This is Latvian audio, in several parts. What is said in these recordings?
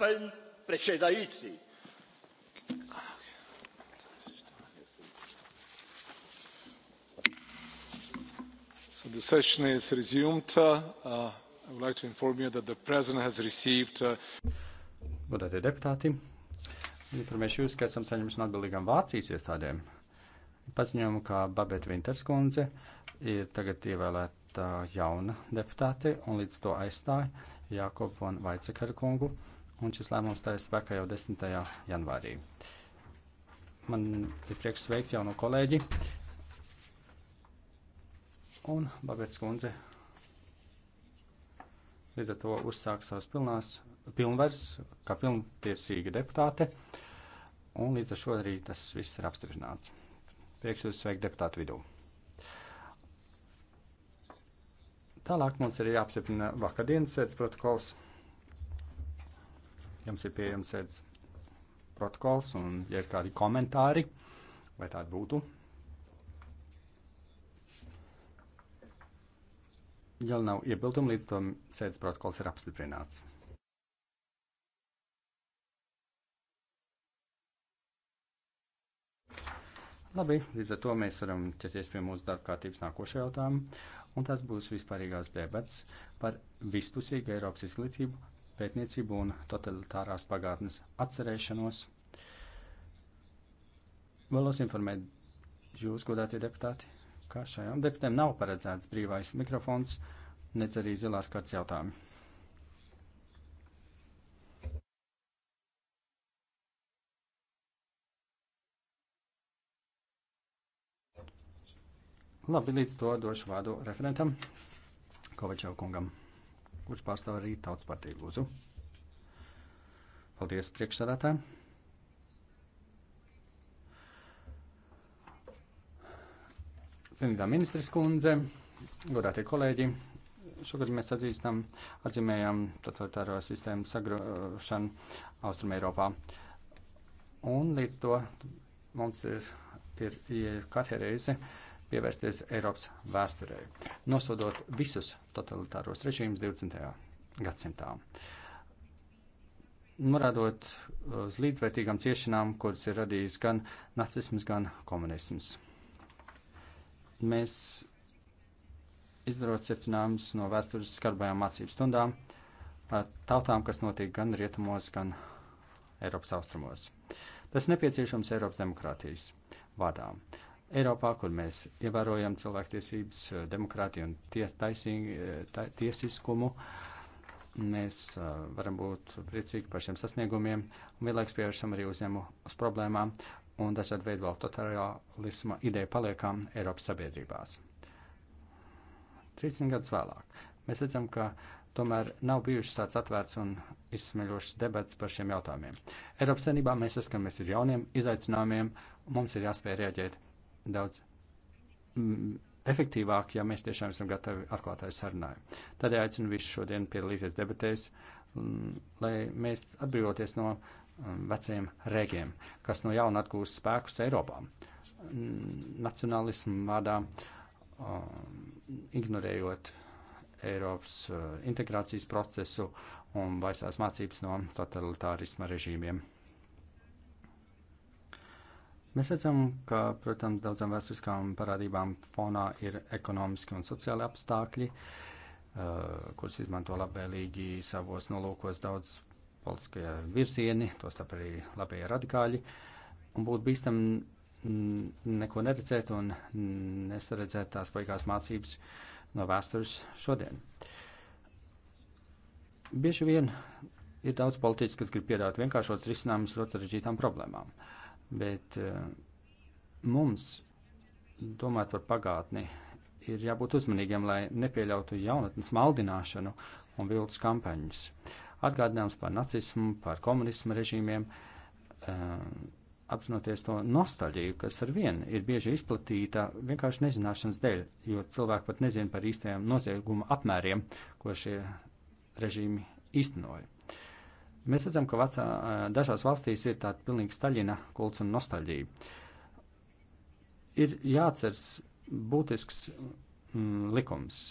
pan predsedající so the session is resumed. Uh, i would like to inform you that the president has received. Uh... godātie deputāti informēšu jūs ka esam saņēmuši no atbildīgām vācijas iestādēm paziņojumu ka babete vinters kundze ir tagad ievēlēta jauna deputāte un līdz to aizstāja Jākobu von Vaicekara kungu un šis lēmums tā ir spēkā jau 10. janvārī. Man ir prieks sveikt jauno kolēģi un Babets kundze. Līdz ar to uzsāk savas pilnās, pilnvars, kā pilntiesīga deputāte, un līdz ar šo arī tas viss ir apstiprināts. Prieks jūs sveikt deputātu vidū. Tālāk mums ir jāapstiprina vakardienas sēdes protokols. Jums ir pieejams sēdz protokols un, ja ir kādi komentāri, vai tādi būtu. Ja nav iebildumu, līdz tam sēdz protokols ir apstiprināts. Labi, līdz ar to mēs varam ķerties pie mūsu darba kārtības nākošā jautājuma, un tas būs vispārīgās debats par vispusīgu Eiropas izglītību pētniecību un totalitārās pagātnes atcerēšanos. Vēlos informēt jūs, godātie deputāti, ka šajām deputēm nav paredzēts brīvais mikrofons, nec arī zilās kartas jautājumi. Labi, līdz to došu vārdu referentam Kovačev kungam kurš pārstāv arī tautas partiju. Lūdzu. Paldies priekšsādātājiem. Cienītā ministres kundze, godātie kolēģi, šogad mēs atzīstam, atzīmējam totalitāro sistēmu sagrošanu Austrum Eiropā. Un līdz to mums ir, ir, ir katrai reize uh, pievērsties Eiropas vēsturei, nosodot visus totalitāros režīmus 20. gadsimtā. Norādot uz līdzvērtīgām ciešanām, kuras ir radījis gan nacisms, gan komunisms. Mēs izdarot secinājumus no vēstures skarbajām mācību stundām par tautām, kas notiek gan rietumos, gan Eiropas austrumos. Tas nepieciešams Eiropas demokrātijas vadām. Eiropā, kur mēs ievērojam cilvēktiesības, demokrātiju un tie, taisīgi, ta, tiesiskumu, mēs uh, varam būt priecīgi par šiem sasniegumiem un vienlaikus pievēršam arī uzņēmu uz problēmām un dažādu veidu vēl totalitārisma ideju paliekam Eiropas sabiedrībās. 30 gadus vēlāk mēs redzam, ka tomēr nav bijušas tāds atvērts un izsmeļošs debats par šiem jautājumiem. Eiropas Savienībā mēs saskaramies ar jauniem izaicinājumiem, un mums ir jāspēj rēģēt daudz mm, efektīvāk, ja mēs tiešām esam gatavi atklātai sarunai. Tādēļ aicinu visus šodien piedalīties debatēs, mm, lai mēs atbrīvoties no mm, veciem rēgiem, kas no jauna atgūst spēkus Eiropā. Mm, nacionalismu vārdā um, ignorējot Eiropas uh, integrācijas procesu un vaisās mācības no totalitārisma režīmiem. Mēs redzam, ka, protams, daudzām vēsturiskām parādībām fonā ir ekonomiski un sociāli apstākļi, eh, kurus izmanto labvēlīgi savos nolūkos daudz politiskie virzieni, tostarp arī labie radikāļi, un būtu bīstam neko neredzēt un nesaredzēt tās baigās mācības no vēstures šodien. Bieži vien ir daudz politiķis, kas grib piedāvāt vienkāršots risinājumus ļoti sarežģītām problēmām. Uh, Bet eh, mums, domājot par pagātni, ir jābūt uzmanīgiem, lai nepieļautu jaunatnes maldināšanu un viltus kampaņas. Atgādinājums par nacismu, par komunismu režīmiem, eh, apzinoties to nostalģiju, kas ar vienu ir bieži izplatīta vienkārši nezināšanas dēļ, jo cilvēki pat nezina par īstajiem nozieguma apmēriem, ko šie režīmi īstenoja. Mēs redzam, ka vecā, eh, dažās valstīs ir tāda pilnīga staļina kults un nostalģija. Ir jāatceras būtisks mm, likums.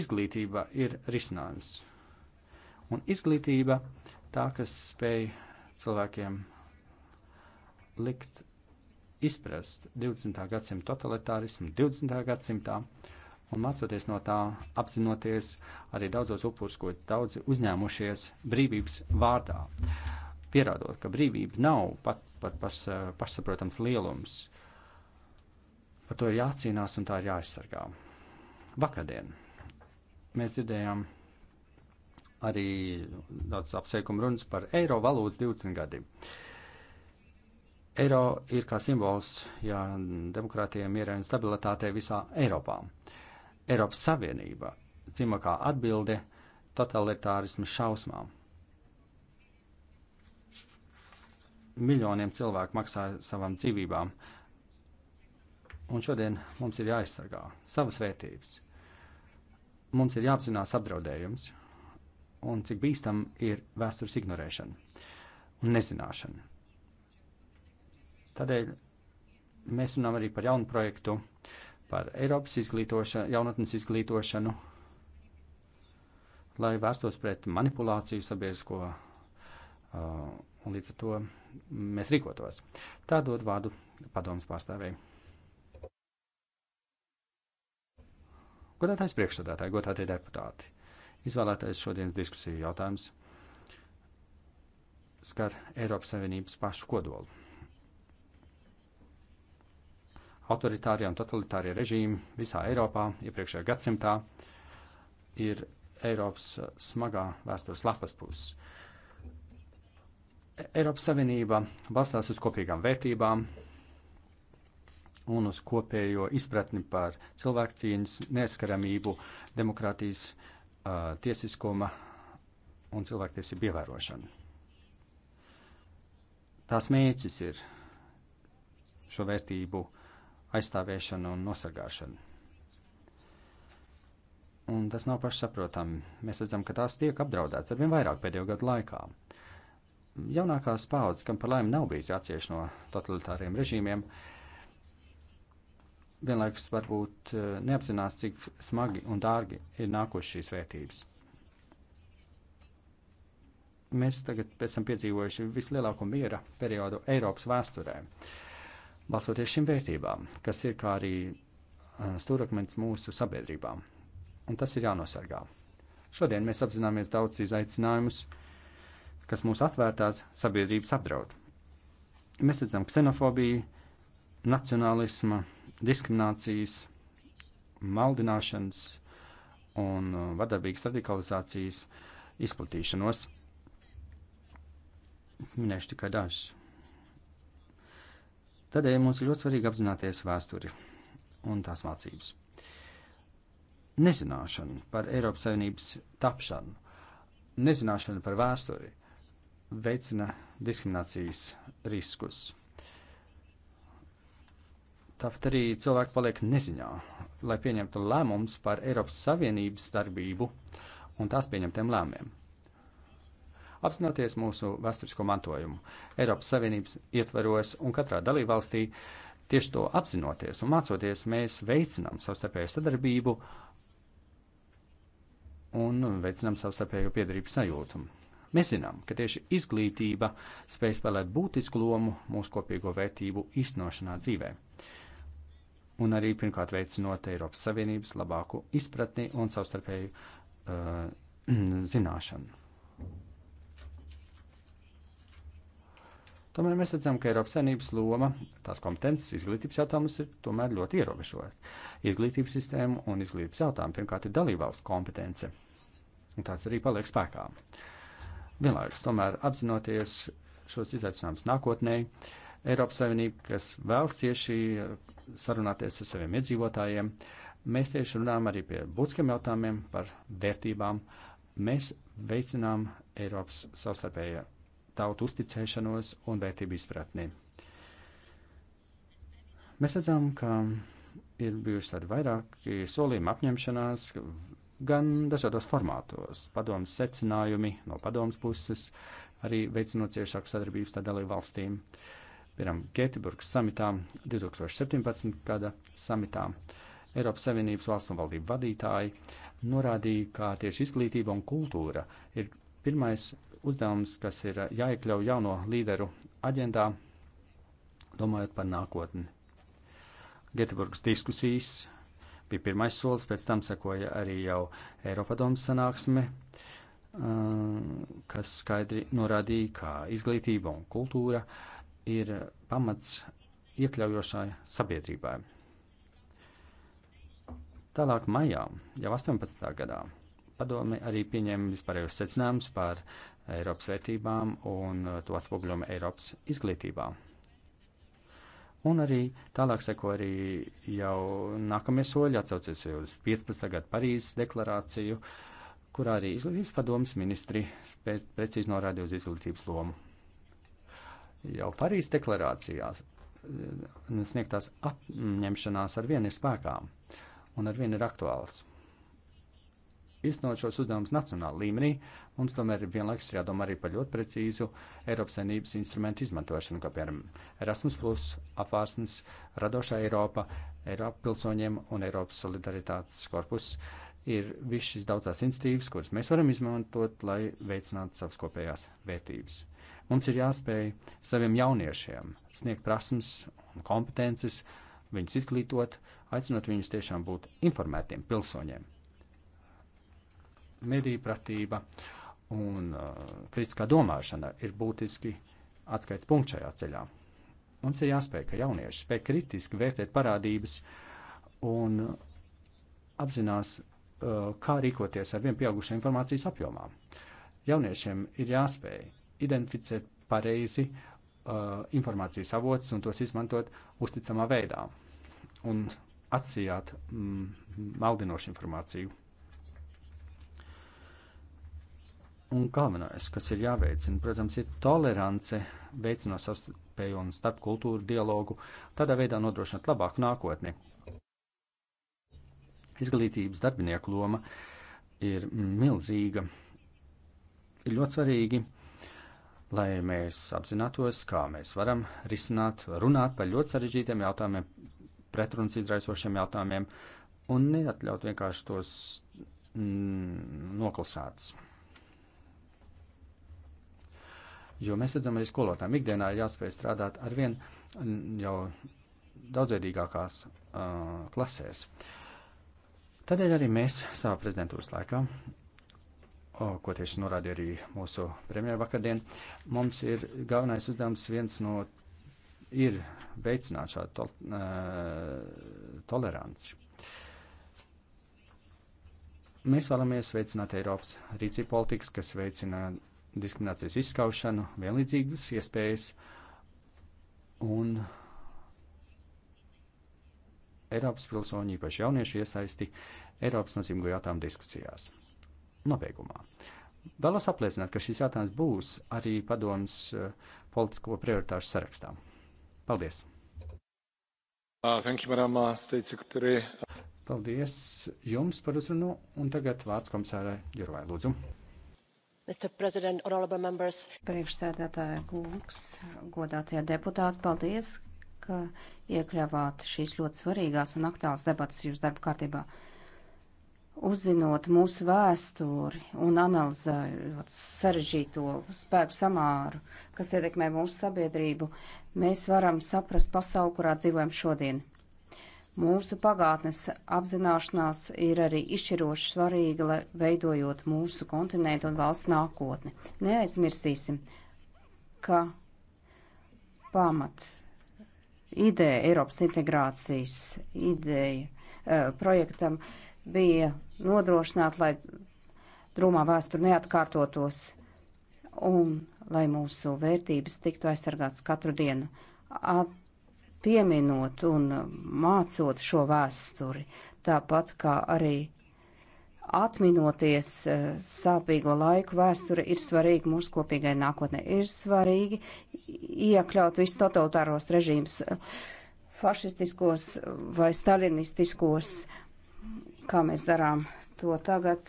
Izglītība ir risinājums. Un izglītība tā, kas spēj cilvēkiem likt izprast 20. gadsimta totalitārismu, 20. gadsimtā. Uh, Un mācoties no tā, apzinoties arī daudzos upurus, ko daudzi uzņēmušies brīvības vārdā, pierādot, ka brīvība nav pat, pat paš, pašsaprotams lielums. Par to ir jācīnās un tā ir jāaizsargā. Vakardien mēs dzirdējām arī daudz apsveikumu runas par eiro valūtas 20 gadi. Eiro ir kā simbols ja, demokrātiem, mierai un stabilitātei visā Eiropā. Eiropas Savienība dzīvo kā atbilde totalitārismu šausmām. Miljoniem cilvēku maksā savām dzīvībām, un šodien mums ir jāaizsargā savas vērtības. Mums ir jāapzinās apdraudējums, un cik bīstam ir vēstures ignorēšana un nezināšana. Tādēļ mēs runājam arī par jaunu projektu uh, par Eiropas izglītošanu, jaunatnes izglītošanu, lai vērstos pret manipulāciju sabiedrisko, uh, un līdz ar to mēs rīkotos. Tā dod vārdu padomus pārstāvēji. Godātais priekšsādātāji, godātie deputāti, izvēlētais šodienas diskusiju jautājums skar Eiropas Savienības pašu kodolu autoritārie un totalitārie režīmi visā Eiropā iepriekšējā gadsimtā ir Eiropas smagā vēstures lapas puses. E- Eiropas Savienība balstās uz kopīgām vērtībām un uz kopējo izpratni par cilvēku cieņas, neskaramību, demokrātijas, uh, tiesiskuma un cilvēktiesību ievērošanu. Tās mērķis ir šo vērtību uh, aizstāvēšanu un nosargāšanu. Un tas nav pašsaprotami. Mēs redzam, ka tās tiek apdraudētas arvien vairāk pēdējo gadu laikā. Jaunākās paudzes, kam par laimi nav bijis jācieš no totalitāriem režīmiem, vienlaikus varbūt eh, neapzinās, cik smagi un dārgi ir nākušas šīs vērtības. Mēs tagad esam piedzīvojuši vislielāko miera periodu Eiropas vēsturē. Uh, balstoties šīm vērtībām, kas ir kā arī stūrakmens mūsu sabiedrībām. Un tas ir jānosargā. Šodien mēs apzināmies daudz izaicinājumus, kas mūsu atvērtās sabiedrības apdraud. Mēs redzam ksenofobiju, nacionālisma, diskriminācijas, maldināšanas un vardarbīgas radikalizācijas izplatīšanos. Minēšu tikai dažus. Tādēļ mums ir ļoti svarīgi apzināties vēsturi un tās mācības. Nezināšana par Eiropas Savienības tapšanu, nezināšana par vēsturi veicina diskriminācijas riskus. Tāpat arī cilvēki paliek neziņā, lai pieņemtu lēmumus par Eiropas Savienības darbību un tās pieņemtiem lēmumiem apzinoties mūsu vēsturisko mantojumu Eiropas Savienības ietveros un katrā dalībvalstī. Tieši to apzinoties un mācoties, mēs veicinām savstarpēju sadarbību un veicinām savstarpēju piedarības sajūtu. Mēs zinām, ka tieši izglītība spēj spēlēt būtisku lomu mūsu kopīgo vērtību iznošanā dzīvē, un arī pirmkārt veicinot Eiropas Savienības labāku izpratni un savstarpēju uh, zināšanu. Tomēr mēs redzam, ka Eiropas Savienības loma, tās kompetences izglītības jautājumus ir tomēr ļoti ierobežotas. Izglītības sistēma un izglītības jautājumi pirmkārt ir dalībvalsts kompetence, un tāds arī paliek spēkā. Vienlaikus, tomēr apzinoties šos izaicinājumus nākotnē, Eiropas Savienība, kas vēlas tieši sarunāties ar saviem iedzīvotājiem, mēs tieši runājam arī pie būtiskiem jautājumiem par vērtībām. Mēs veicinām Eiropas savstarpējā tautu uzticēšanos un vērtību izpratni. Mēs redzam, ka ir bijuši tādi vairāki solījumi apņemšanās gan dažādos formātos, padomas secinājumi no padomas puses, arī veicinot ciešāku sadarbību starp dalību valstīm. Piemēram, Gēteburgas samitā, 2017. gada samitā, Eiropas Savienības valstu un valdību vadītāji norādīja, ka tieši izglītība un kultūra ir pirmais uzdevums, kas ir eh, jāiekļauj jauno līderu aģendā, domājot par nākotni. Geteburgas diskusijas bija pirmais solis, pēc tam sekoja arī jau Eiropadomas sanāksme, eh, kas skaidri norādīja, ka izglītība un kultūra ir pamats iekļaujošai sabiedrībai. Tālāk maijā, jau 18. gadā, Padome arī pieņēma vispārējos secinājumus par Eiropas vērtībām un to atspoguļojumu Eiropas izglītībā. Un arī tālāk seko arī jau nākamie soļi, atsaucies uz 15. gadu Parīzes deklarāciju, kurā arī izglītības padomas ministri precīzi norādīja uz izglītības lomu. Jau Parīzes deklarācijās nu, sniegtās apņemšanās ar vienu ir spēkā un ar vienu ir aktuāls iznot šos uzdevumus nacionāla līmenī, mums tomēr vienlaikus ir jādomā arī par ļoti precīzu Eiropas saimnības instrumentu izmantošanu, kā piemēram Erasmus, plus, apvārsnes, radošā Eiropa, Eiropa pilsoņiem un Eiropas solidaritātes korpus. Ir viss šis daudzās institīvas, kuras mēs varam izmantot, lai veicinātu savas kopējās vērtības. Mums ir jāspēj saviem jauniešiem sniegt prasmes un kompetences, viņus izglītot, aicinot viņus tiešām būt informētiem pilsoņiem medīpratība un uh, kritiskā domāšana ir būtiski atskaits punkts šajā ceļā. Mums ir jāspēj, ka jaunieši spēj kritiski vērtēt parādības un apzinās, uh, kā rīkoties ar vien pieaugušu informācijas apjomā. Jauniešiem ir jāspēj identificēt pareizi uh, informācijas avots un tos izmantot uzticamā veidā un atsijāt mm, maldinošu informāciju. Un galvenais, kas ir jāveicina, protams, ir tolerance, veicinot savstarpēju un starpkultūru dialogu, tādā veidā nodrošinot labāku nākotni. Izglītības darbinieku loma ir milzīga. Ir ļoti svarīgi, lai mēs apzinātos, kā mēs varam risināt, runāt par ļoti sarežģītiem jautājumiem, pretrunas izraisošiem jautājumiem, un neatļaut vienkārši tos mm, noklusētus. Jo mēs redzam, arī skolotājiem ikdienā ir jāspēj strādāt ar vien jau daudzveidīgākās uh, klasēs. Tādēļ arī mēs savā prezidentūras laikā, o, ko tieši norādīja arī mūsu premjera vakardien, mums ir galvenais uzdevums viens no ir veicināt šādu tol, uh, toleranci. Mēs vēlamies veicināt Eiropas rīcību politikas, kas veicina diskriminācijas izskaušanu, vienlīdzīgas iespējas un Eiropas pilsoņu, īpaši jauniešu iesaisti Eiropas nozīmīgo jautājumu diskusijās. Nobeigumā. Vēlos apliecināt, ka šis jautājums būs arī padomas eh, politisko prioritāšu sarakstā. Paldies! Uh, thank you, Madam uh, State Secretary. Paldies jums par uzrunu, un tagad vārds komisārai Jurvai Lūdzu. Priekšsēdētāja kungs, godātie deputāti, paldies, ka iekļāvāt šīs ļoti svarīgās un aktuālas debatas jūsu darba kārtībā. Uzzinot mūsu vēsturi un analizējot sarežģīto spēku samāru, kas ietekmē mūsu sabiedrību, mēs varam saprast pasauli, kurā dzīvojam šodien. Mūsu pagātnes apzināšanās ir arī izšķiroši svarīga, lai veidojot mūsu kontinentu un valsts nākotni. Neaizmirsīsim, ka pamat ideja Eiropas integrācijas ideja uh, projektam bija nodrošināt, lai drūmā vēsture neatkārtotos un lai mūsu vērtības tiktu aizsargātas katru dienu. At pieminot un mācot šo vēsturi, tāpat kā arī atminoties eh, sāpīgo laiku vēsture ir svarīga mūsu kopīgai nākotnē. Ir svarīgi iekļaut visus totalitāros režīmus, fašistiskos vai stalinistiskos, kā mēs darām to tagad,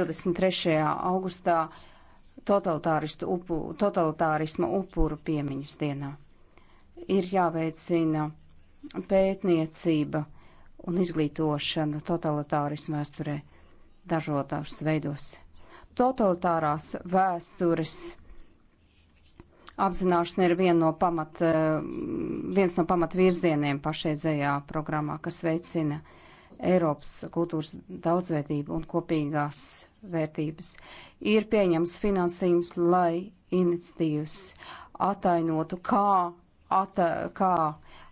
23. augustā, totalitārismu upuru piemiņas dienā ir jāveicina pētniecība un izglītošana totalitārismu vēsturē dažādās veidos. Totalitārās vēstures apzināšana ir viena no pamat, eh, viens no pamatvirzieniem pašreizējā programmā, kas veicina Eiropas kultūras daudzveidību un kopīgās vērtības. Ir pieņems finansījums, lai iniciatīvas atainotu, kā at, kā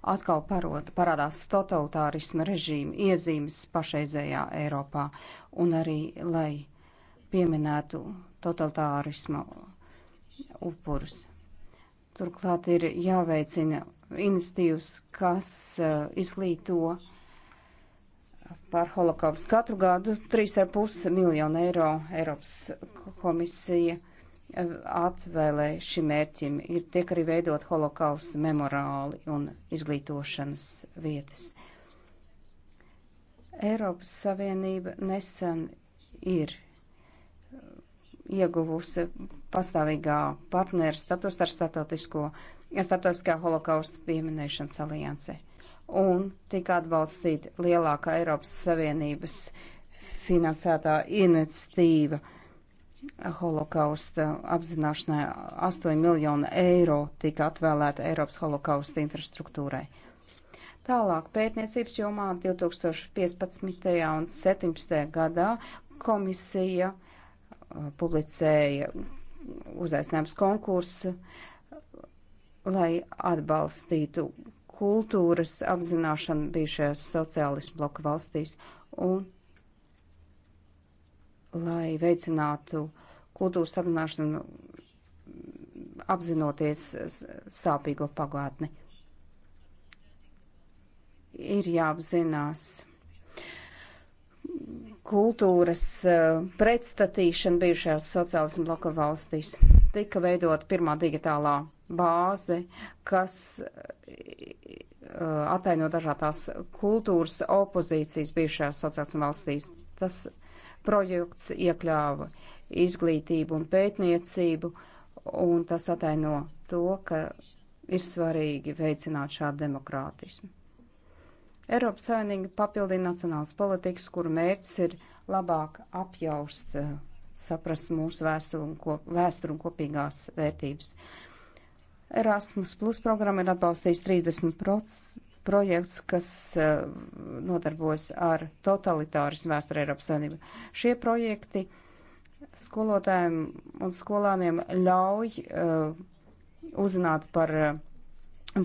atkal parod, parādās totalitārisma režīma iezīmes pašreizējā Eiropā un arī, lai pieminētu totalitārisma upurus. Turklāt ir jāveicina inicitīvas, kas uh, izglīto par holokaustu. Katru gadu 3,5 miljonu eiro Eiropas komisija atvēlē šim mērķim. Ir tiek arī veidot holokausta memorāli un izglītošanas vietas. Eiropas Savienība nesen ir ieguvusi pastāvīgā partnera status ar statotisko, starptautiskā holokausta pieminēšanas alianse un tika atbalstīta lielākā Eiropas Savienības finansētā iniciatīva holokausta apzināšanai 8 miljonu eiro tika atvēlēta Eiropas holokausta infrastruktūrai. Tālāk pētniecības jomā 2015. un 2017. gadā komisija uh, publicēja uzaicinājums konkursu, lai atbalstītu kultūras apzināšanu bijušajās sociālismu bloku valstīs un lai veicinātu kultūras apzināšanu, apzinoties sāpīgo pagātni. Ir jāapzinās kultūras e, pretstatīšana bijušajās sociālismu bloka valstīs. Tika veidot pirmā digitālā bāze, kas e, ataino dažādās kultūras opozīcijas bijušajās sociālismu valstīs. Tas projekts iekļāva izglītību un pētniecību, un tas ataino to, ka ir svarīgi veicināt šādu demokrātismu. Eiropas Savienība papildina nacionālas politikas, kuru mērķis ir labāk apjaust, eh, saprast mūsu vēsturu un, kop, vēsturu un kopīgās vērtības. Erasmus Plus programma ir atbalstījusi 30%, projekts, kas eh, nodarbojas ar totalitārismu vēsturi Eiropas Savienībā. Šie projekti skolotājiem un skolāniem ļauj uh, uzzināt par eh,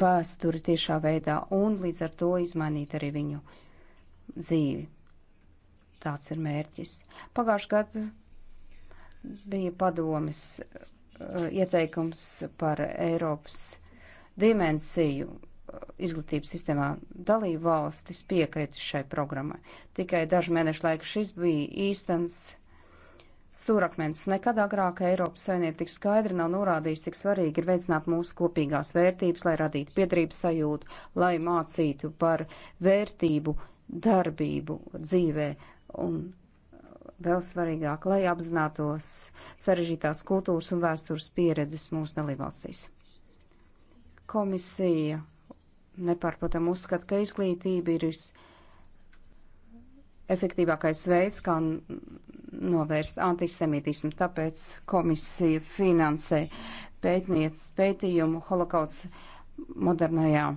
vēsturi tiešā veidā un līdz ar to izmainīt arī viņu dzīvi. Tāds ir mērķis. Pagājuši gadu bija padomis uh, ieteikums par Eiropas dimensiju izglītības sistēmā dalību valstis piekrita šai programmai. Tikai dažu mēnešu laiku šis bija īstens stūrakmens. Nekad agrāk Eiropas Savienība tik skaidri nav norādījusi, cik svarīgi ir veicināt mūsu kopīgās vērtības, lai radītu piedrības sajūtu, lai mācītu par vērtību, darbību dzīvē un vēl svarīgāk, lai apzinātos sarežģītās kultūras un vēstures pieredzes mūsu dalībvalstīs. Komisija nepārprotam uzskata, ka izglītība ir efektīvākais veids, kā novērst antisemītismu. Tāpēc komisija finansē pētniec pētījumu holokauts modernajā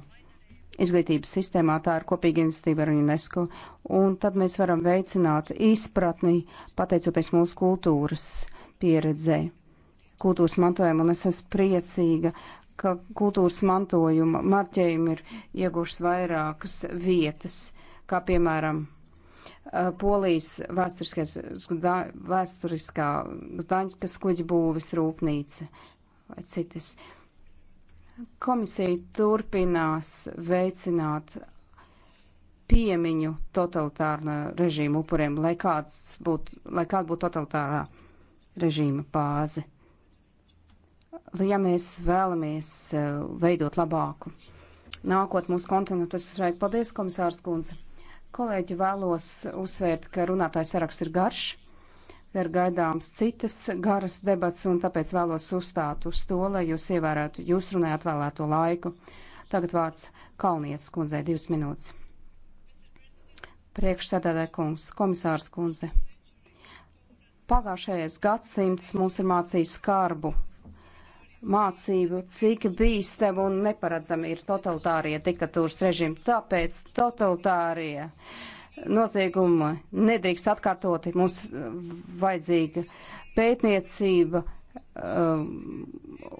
izglītības sistēmā. Tā ir kopīga iniciatīva ar UNESCO. Un tad mēs varam veicināt izpratni, pateicoties mūsu kultūras pieredzē, kultūras mantojumu. Un es esmu priecīga, ka kultūras mantojuma marķējumi ir iegušas vairākas vietas, kā piemēram Polijas zda, vēsturiskā Gdaņskas kuģi būvis rūpnīca vai citas. Komisija turpinās veicināt piemiņu totalitārā režīma upuriem, lai kāds būtu, lai kāda būtu totalitārā režīma bāze. Nu, ja mēs vēlamies eh, veidot labāku nākotnē mūsu kontinentu. Tas ir šeit. Paldies, komisārs Kunze. Kolēģi vēlos uzsvērt, ka runātājs saraksts ir garš, ir gaidāms citas garas debats, un tāpēc vēlos uzstāt uz to, lai jūs ievērētu jūs runājāt vēlēto laiku. Tagad vārds Kalnietes kundzei divas minūtes. Priekšsēdētāja kungs, komisārs kundze. Pagājušais gadsimts mums ir mācījis skarbu mācību, cik bīstam un neparedzami ir totalitārie diktatūras režīmi. Tāpēc totalitārie noziegumi nedrīkst atkārtoti. Mums vajadzīga pētniecība um,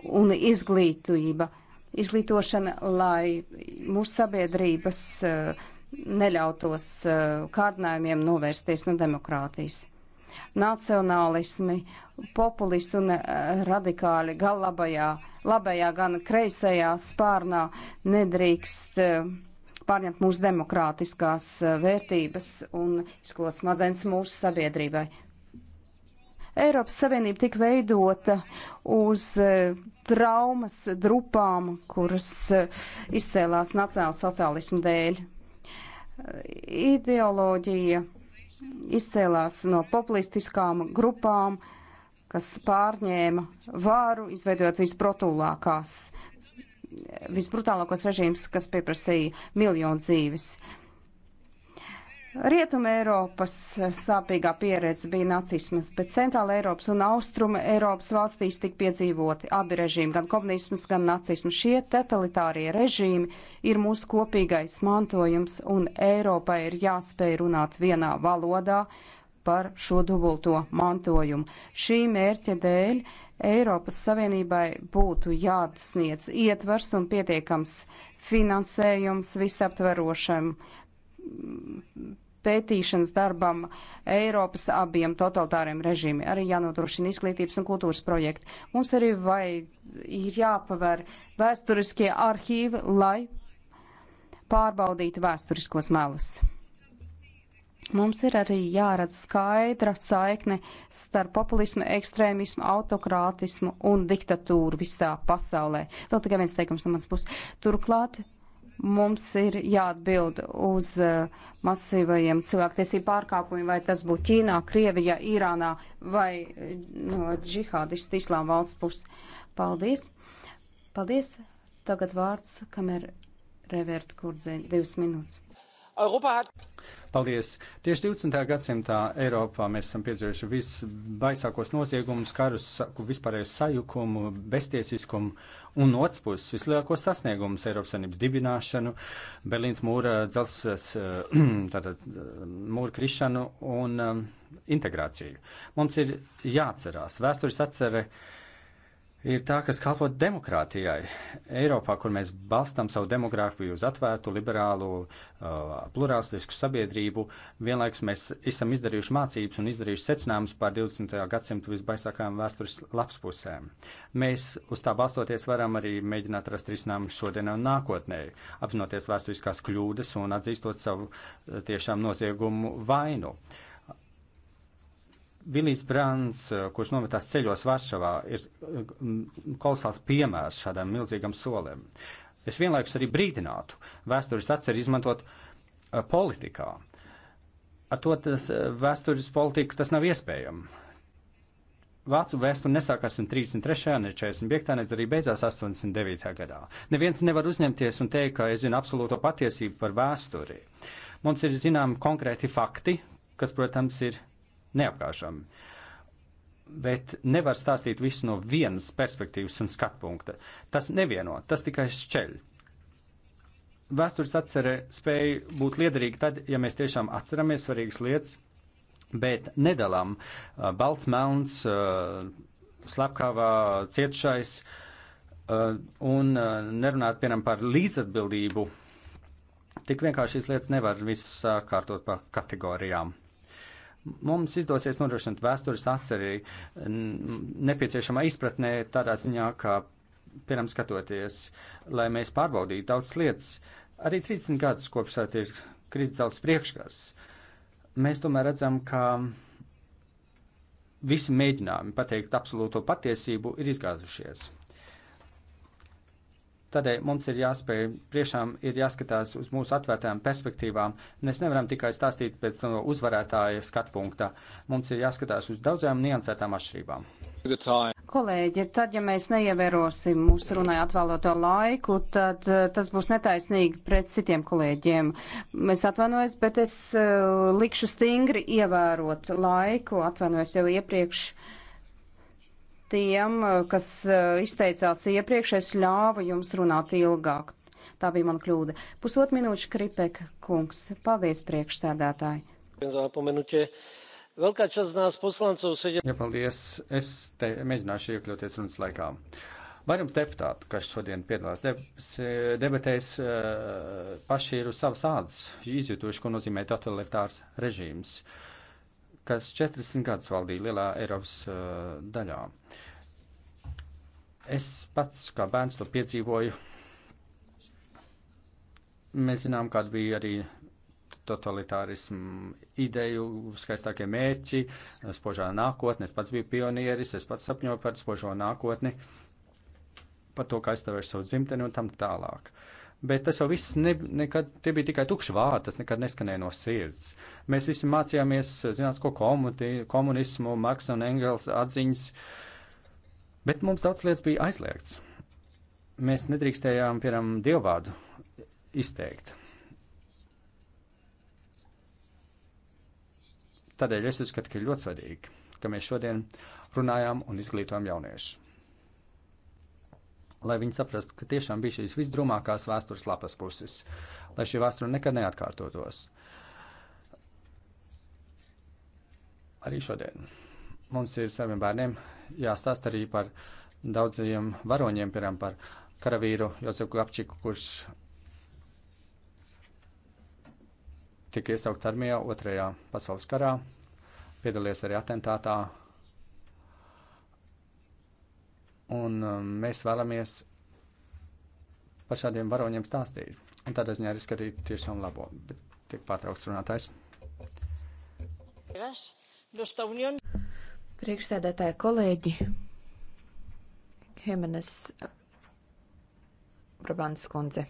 un izglītība, izglītošana, lai mūsu sabiedrības uh, neļautos uh, kārdinājumiem novērsties no demokrātijas. Nacionālismi populisti un eh, radikāli gan labajā, labajā, gan kreisajā spārnā nedrīkst eh, pārņemt mūsu demokrātiskās eh, vērtības un izklot smadzenes mūsu sabiedrībai. Eiropas Savienība tika veidota uz traumas drupām, kuras izcēlās nacionāla sociālismu dēļ. Ideoloģija izcēlās no populistiskām grupām, uh, kas pārņēma vāru, izveidot visbrutulākās, visbrutālākos režīmus, kas pieprasīja miljonu dzīves. Rietuma Eiropas sāpīgā pieredze bija nacismas, bet Centrāla Eiropas un Austruma Eiropas valstīs tika piedzīvoti abi režīmi, gan komunismas, gan nacismas. Šie totalitārie režīmi ir mūsu kopīgais mantojums, un Eiropai ir jāspēj runāt vienā valodā, par šo dubulto mantojumu. Šī mērķa dēļ Eiropas Savienībai būtu jāsniedz ietvers un pietiekams finansējums visaptverošam pētīšanas darbam Eiropas abiem totalitāriem režīmiem, arī jānodrošina izglītības un kultūras projekti. Mums arī vai ir jāpaver vēsturiskie arhīvi, lai pārbaudītu vēsturiskos melus. Mums ir arī jāredz skaidra saikne starp populismu, ekstrēmismu, autokrātismu un diktatūru visā pasaulē. Vēl tikai viens teikums no manas puses. Turklāt mums ir jāatbild uz eh, masīvajiem cilvēktiesību pārkāpumiem, vai tas būtu Ķīnā, Krievijā, Irānā vai eh, no džihādistu islām valsts puses. Paldies! Paldies! Tagad vārds, kam ir Revert Kurdze, divas minūtes. Europa hat. Paldies! Tieši 20. gadsimtā Eiropā mēs esam piedzīvojuši visbaisākos noziegumus, karus, vispārēju sajukumu, beztiesiskumu un no otras puses vislielākos sasniegumus - Eiropas Savienības dibināšanu, Berlīnas mūra, dzelzs, tātad mūra krišanu un um, integrāciju. Mums ir jāatcerās, vēstures atcerē ir tā, kas kalpo demokrātijai. Eiropā, kur mēs balstam savu demogrāfiju uz atvērtu, liberālu, uh, plurālistisku sabiedrību, vienlaikus mēs esam izdarījuši mācības un izdarījuši secinājumus par 20. gadsimtu visbaisākajām vēstures lapspusēm. Mēs uz tā balstoties varam arī mēģināt rast risinājumus šodienai un nākotnē, apzinoties vēsturiskās kļūdas un atzīstot savu uh, tiešām noziegumu vainu. Uh, Vilijs Brants, eh, kurš nometās ceļos Varšavā, ir eh, kolosāls piemērs šādam milzīgam solim. Es vienlaikus arī brīdinātu vēstures atceru izmantot eh, politikā. Ar to tas vēstures politika tas nav iespējams. Vācu vēsture nesākās 33. ne 45. ne arī beidzās 89. gadā. Neviens nevar uzņemties un teikt, ka es zinu absolūto patiesību par vēsturi. Mums ir zinām konkrēti fakti, kas, protams, ir neapgāžami. Bet nevar stāstīt visu no vienas perspektīvas un skatu punkta. Tas nevieno, tas tikai šķeļ. Vēstures atcerē spēja būt liederīga tad, ja mēs tiešām atceramies svarīgas lietas, bet nedalām uh, balts, melns, uh, slepkavā, cietušais uh, un uh, nerunāt, piemēram, par līdzatbildību. Tik vienkārši šīs lietas nevar visas kārtot pa kategorijām. Mums izdosies nodrošināt vēstures atcerī nepieciešamā izpratnē tādā ziņā, kā piemēram skatoties, lai mēs pārbaudītu daudz lietas. Arī 30 gadus kopš tā ir kritis daudz priekškars. Mēs tomēr redzam, ka visi mēģinājumi pateikt absolūto patiesību ir izgāzušies. Tādēļ mums ir jāspēj, priešām ir jāskatās uz mūsu atvērtām perspektīvām. Mēs nevaram tikai stāstīt pēc no uzvarētāja skatu punkta. Mums ir jāskatās uz daudzām niansētām atšķirībām. Kolēģi, tad, ja mēs neievērosim mūsu runai atvēloto laiku, tad eh, tas būs netaisnīgi pret citiem kolēģiem. Mēs atvainojas, bet es uh, likšu stingri ievērot laiku, atvainojos jau iepriekš. Uh, tiem, eh, kas eh, izteicās iepriekš, es ļāvu jums runāt ilgāk. Tā bija mana kļūda. Pusot minūšu Kripek kungs. Paldies priekšsēdētāji. Velkā čas nās poslancov seģē. Ja, paldies. Es te mēģināšu iekļauties runas laikā. Vairums deputātu, kas šodien piedalās debatēs, eh, paši ir uz savas ādas izjutuši, ko nozīmē totalitārs režīms. Uh, kas 40 gadus valdīja lielā Eiropas uh, daļā. Es pats kā bērns to piedzīvoju. Mēs zinām, kāda bija arī totalitārismu ideju, skaistākie mērķi, spožā nākotne. Es pats biju pionieris, es pats sapņoju par spožo nākotni, par to, kā aizstāvēšu savu dzimteni un tam tālāk. Uh, Bet tas jau viss ne, nekad, tie bija tikai tukši vārdi, tas nekad neskanēja no sirds. Mēs visi mācījāmies, zinās, ko komuti, komunismu, Marks un Engels atziņas, bet mums daudz lietas bija aizliegts. Mēs nedrīkstējām, piemēram, dievvādu izteikt. Tādēļ es uzskatu, ka ir ļoti svarīgi, ka mēs šodien runājām un izglītojam jauniešus lai viņi saprastu, ka tiešām bija šīs visdrūmākās vēstures lapas puses, lai šī vēsture nekad neatkārtotos. Arī šodien mums ir saviem bērniem jāstāst arī par daudziem varoņiem, piemēram, par karavīru Josefu Apčiku, kurš tika iesaukt armijā otrajā pasaules karā, piedalījies arī atentātā Un um, mēs vēlamies par šādiem varoņiem stāstīt. Un tādā ziņā arī skatīt tiešām labo, bet tiek pārtraukts runātājs. Priekšsēdētāji kolēģi, Hemenes Brabants kundze.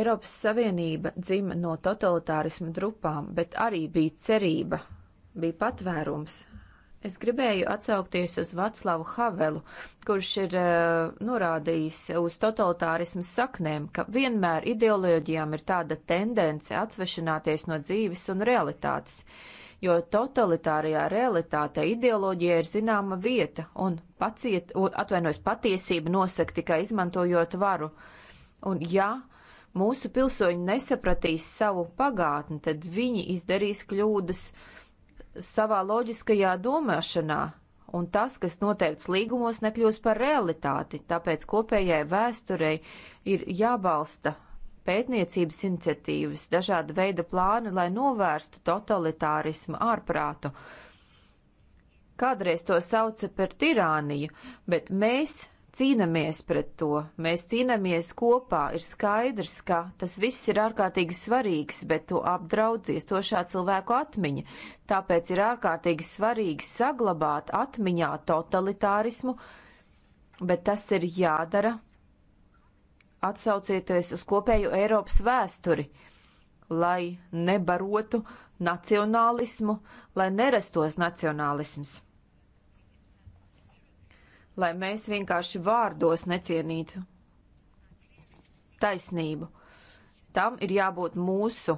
Eiropas Savienība dzima no totalitārisma drupām, bet arī bija cerība, bija patvērums, Es gribēju atsaukties uz Vaclavu Havelu, kurš ir uh, norādījis uz totalitārismu saknēm, ka vienmēr ideoloģijām ir tāda tendence atsvešināties no dzīves un realitātes, jo totalitārajā realitātē ideoloģija ir zināma vieta un paciet, atvainojas patiesība nosaka tikai izmantojot varu. Un ja mūsu pilsoņi nesapratīs savu pagātni, tad viņi izdarīs kļūdas. Uh, savā loģiskajā domāšanā, un tas, kas noteikts līgumos, nekļūs par realitāti, tāpēc kopējai vēsturei ir jābalsta pētniecības iniciatīvas, dažāda veida plāni, lai novērstu totalitārismu ārprātu. Kādreiz to sauca par tirāniju, bet mēs cīnāmies pret to, mēs cīnāmies kopā. Ir skaidrs, ka tas viss ir ārkārtīgi svarīgs, bet to apdraud ciestošā cilvēku atmiņa. Tāpēc ir ārkārtīgi svarīgi saglabāt atmiņā totalitārismu, bet tas ir jādara atsaucieties uz kopēju Eiropas vēsturi, lai nebarotu nacionālismu, lai nerastos nacionālisms lai mēs vienkārši vārdos necienītu taisnību. Tam ir jābūt mūsu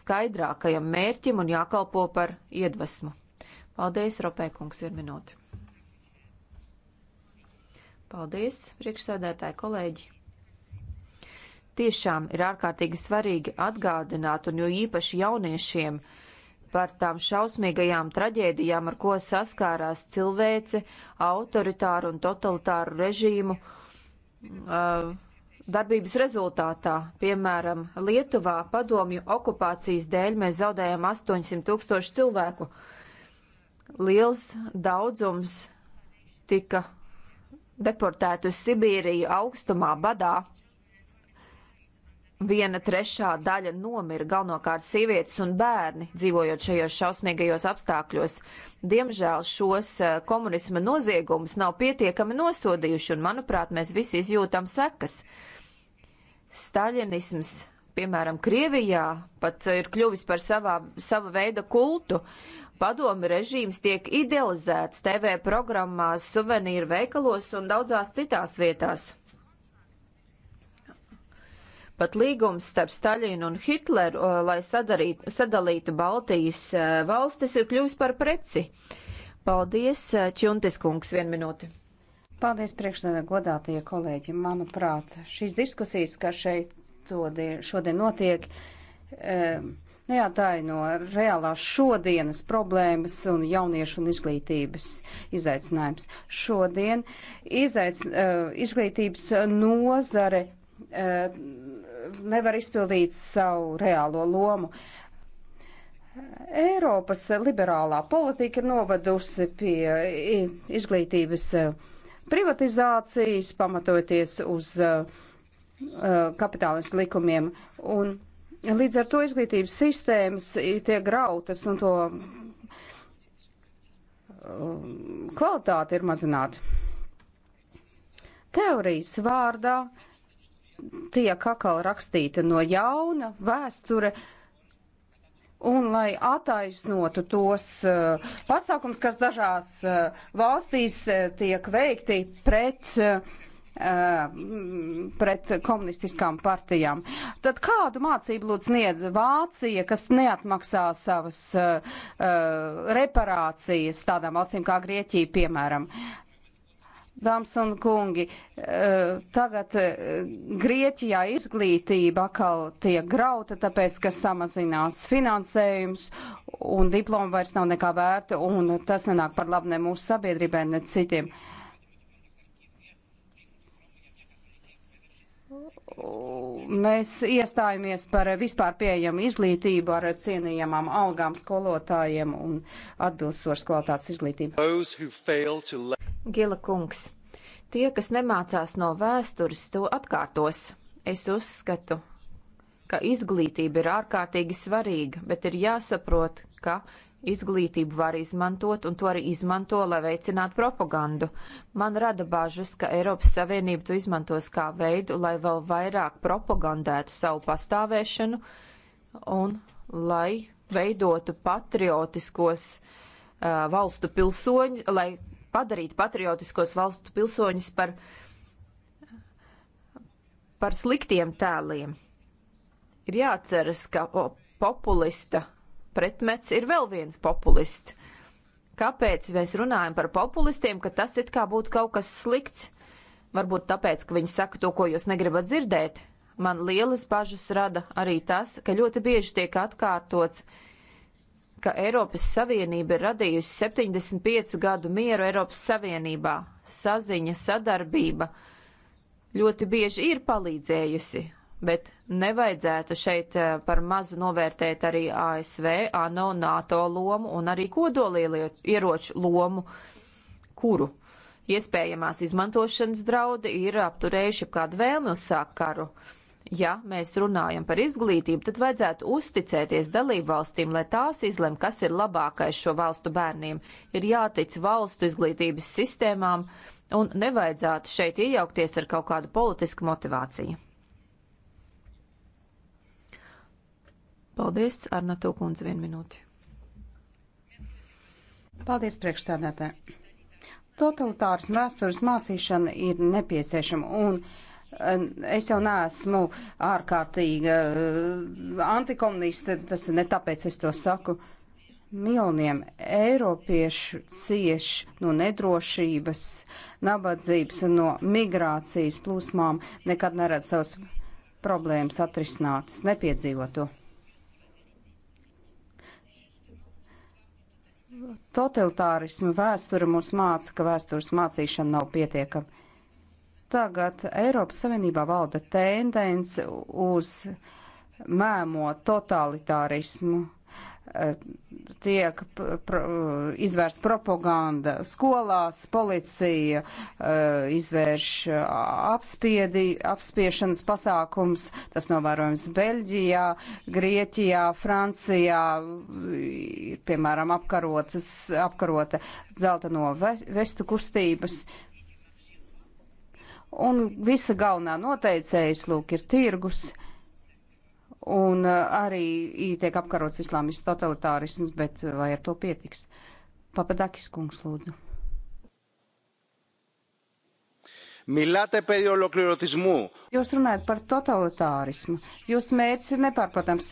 skaidrākajam mērķim un jākalpo par iedvesmu. Paldies, Ropēkungs, ir minūte. Paldies, priekšsēdētāji kolēģi! Tiešām ir ārkārtīgi svarīgi atgādināt, un jo īpaši jauniešiem, uh, par tām šausmīgajām traģēdijām, ar ko saskārās cilvēce, autoritāru un totalitāru režīmu uh, darbības rezultātā. Piemēram, Lietuvā padomju okupācijas dēļ mēs zaudējām 800 tūkstošu cilvēku. Liels daudzums tika deportēti uz Sibīriju augstumā, badā. Viena trešā daļa nomira galvenokārt sievietes un bērni, dzīvojot šajos šausmīgajos apstākļos. Diemžēl šos eh, komunisma noziegumus nav pietiekami nosodījuši, un, manuprāt, mēs visi izjūtam sekas. Staļinisms, piemēram, Krievijā pat ir kļuvis par savā, sava veida kultu. Padomi režīms tiek idealizēts TV programmās, suvenīru veikalos un daudzās citās vietās. Pat līgums starp Staļinu un Hitleru, eh, lai sadarīt, sadalītu Baltijas eh, valstis, ir kļuvis par preci. Paldies, eh, Čuntis kungs, vienu minūti. Paldies, priekšsēdē, godātie kolēģi. Manuprāt, šīs diskusijas, kas šeit todien, šodien notiek, neataino nu reālās šodienas problēmas un jauniešu un izglītības izaicinājums. Šodien izaic, izglītības nozare nevar izpildīt savu reālo lomu. Eiropas liberālā politika ir novadusi pie izglītības e, privatizācijas, pamatojoties uz e, e, kapitālismu likumiem. Un līdz ar to izglītības sistēmas tiek grautas un to kvalitāte ir mazināta. Teorijas vārdā uh, tiek atkal rakstīta no jauna vēsture. Un, lai attaisnotu tos uh, pasākums, kas dažās uh, valstīs uh, tiek veikti pret uh, mm, pret komunistiskām partijām. Tad kādu mācību lūdzu sniedz Vācija, kas neatmaksā savas uh, uh reparācijas tādām valstīm kā Grieķija, piemēram? Dāmas un kungi, eh, tagad eh, Grieķijā izglītība atkal tiek grauta, tāpēc, ka samazinās finansējums un diplomu vairs nav nekā vērta, un tas nenāk par labu ne mūsu sabiedrībai, ne citiem. Uh, mēs iestājamies par vispār pieejamu izglītību ar cienījamām algām skolotājiem un atbilstošu kvalitātes izglītību. Gila kungs, tie, kas nemācās no vēstures, to atkārtos. Es uzskatu, ka izglītība ir ārkārtīgi svarīga, bet ir jāsaprot, ka Izglītību var izmantot, un to arī izmanto, lai veicinātu propagandu. Man rada bažas, ka Eiropas Savienība to izmantos kā veidu, lai vēl vairāk propagandētu savu pastāvēšanu un lai veidotu patriotiskos uh, valstu pilsoņus, lai padarītu patriotiskos valstu pilsoņus par, par sliktiem tēliem. Ir jāatceras, ka populista pretmets ir vēl viens populists. Kāpēc mēs runājam par populistiem, ka tas it kā būtu kaut kas slikts? Varbūt tāpēc, ka viņi saka to, ko jūs negribat dzirdēt. Man lielas bažas rada arī tas, ka ļoti bieži tiek atkārtots, ka Eiropas Savienība ir radījusi 75 gadu mieru Eiropas Savienībā. Saziņa, sadarbība ļoti bieži ir palīdzējusi, bet nevajadzētu šeit eh, par mazu novērtēt arī ASV, ANO, NATO lomu un arī kodolieroču lomu, kuru iespējamās izmantošanas draudi ir apturējuši kādu vēlmi uzsākt karu. Ja mēs runājam par izglītību, tad vajadzētu uzticēties dalību valstīm, lai tās izlem, kas ir labākais šo valstu bērniem. Ir jātic valstu izglītības sistēmām un nevajadzētu šeit iejaukties ar kaut kādu politisku motivāciju. Paldies, Arna Tūkundze, vienu minūti. Paldies, priekšstādātāji. Totalitāras vēstures mācīšana ir nepieciešama un eh, Es jau neesmu ārkārtīgi eh, antikomunista, tas ne tāpēc es to saku. Milniem eiropiešu cieš no nedrošības, nabadzības un no migrācijas plūsmām nekad neredz savas problēmas atrisinātas, nepiedzīvo to. Totalitārismu vēsture mums māca, ka vēstures mācīšana nav pietiekama. Tagad Eiropas Savienībā valda tendence uz mēmo totalitārismu, Eh, tiek pro, izvērsta propaganda skolās, policija eh, izvērš eh, apspiedi, apspiešanas pasākums, tas novērojams Beļģijā, Grieķijā, Francijā, ir piemēram apkarotas, apkarota zelta no vestu kustības. Un visa galvenā noteicējas, lūk, ir tirgus. Uh, un eh, arī tiek apkarots islāmists totalitārisms, bet eh, vai ar to pietiks? Papadakis kungs, lūdzu. Μιλάτε περί ολοκληρωτισμού. Jūs runājat par totalitārismu. Jūsu mērķis ir nepārprotams.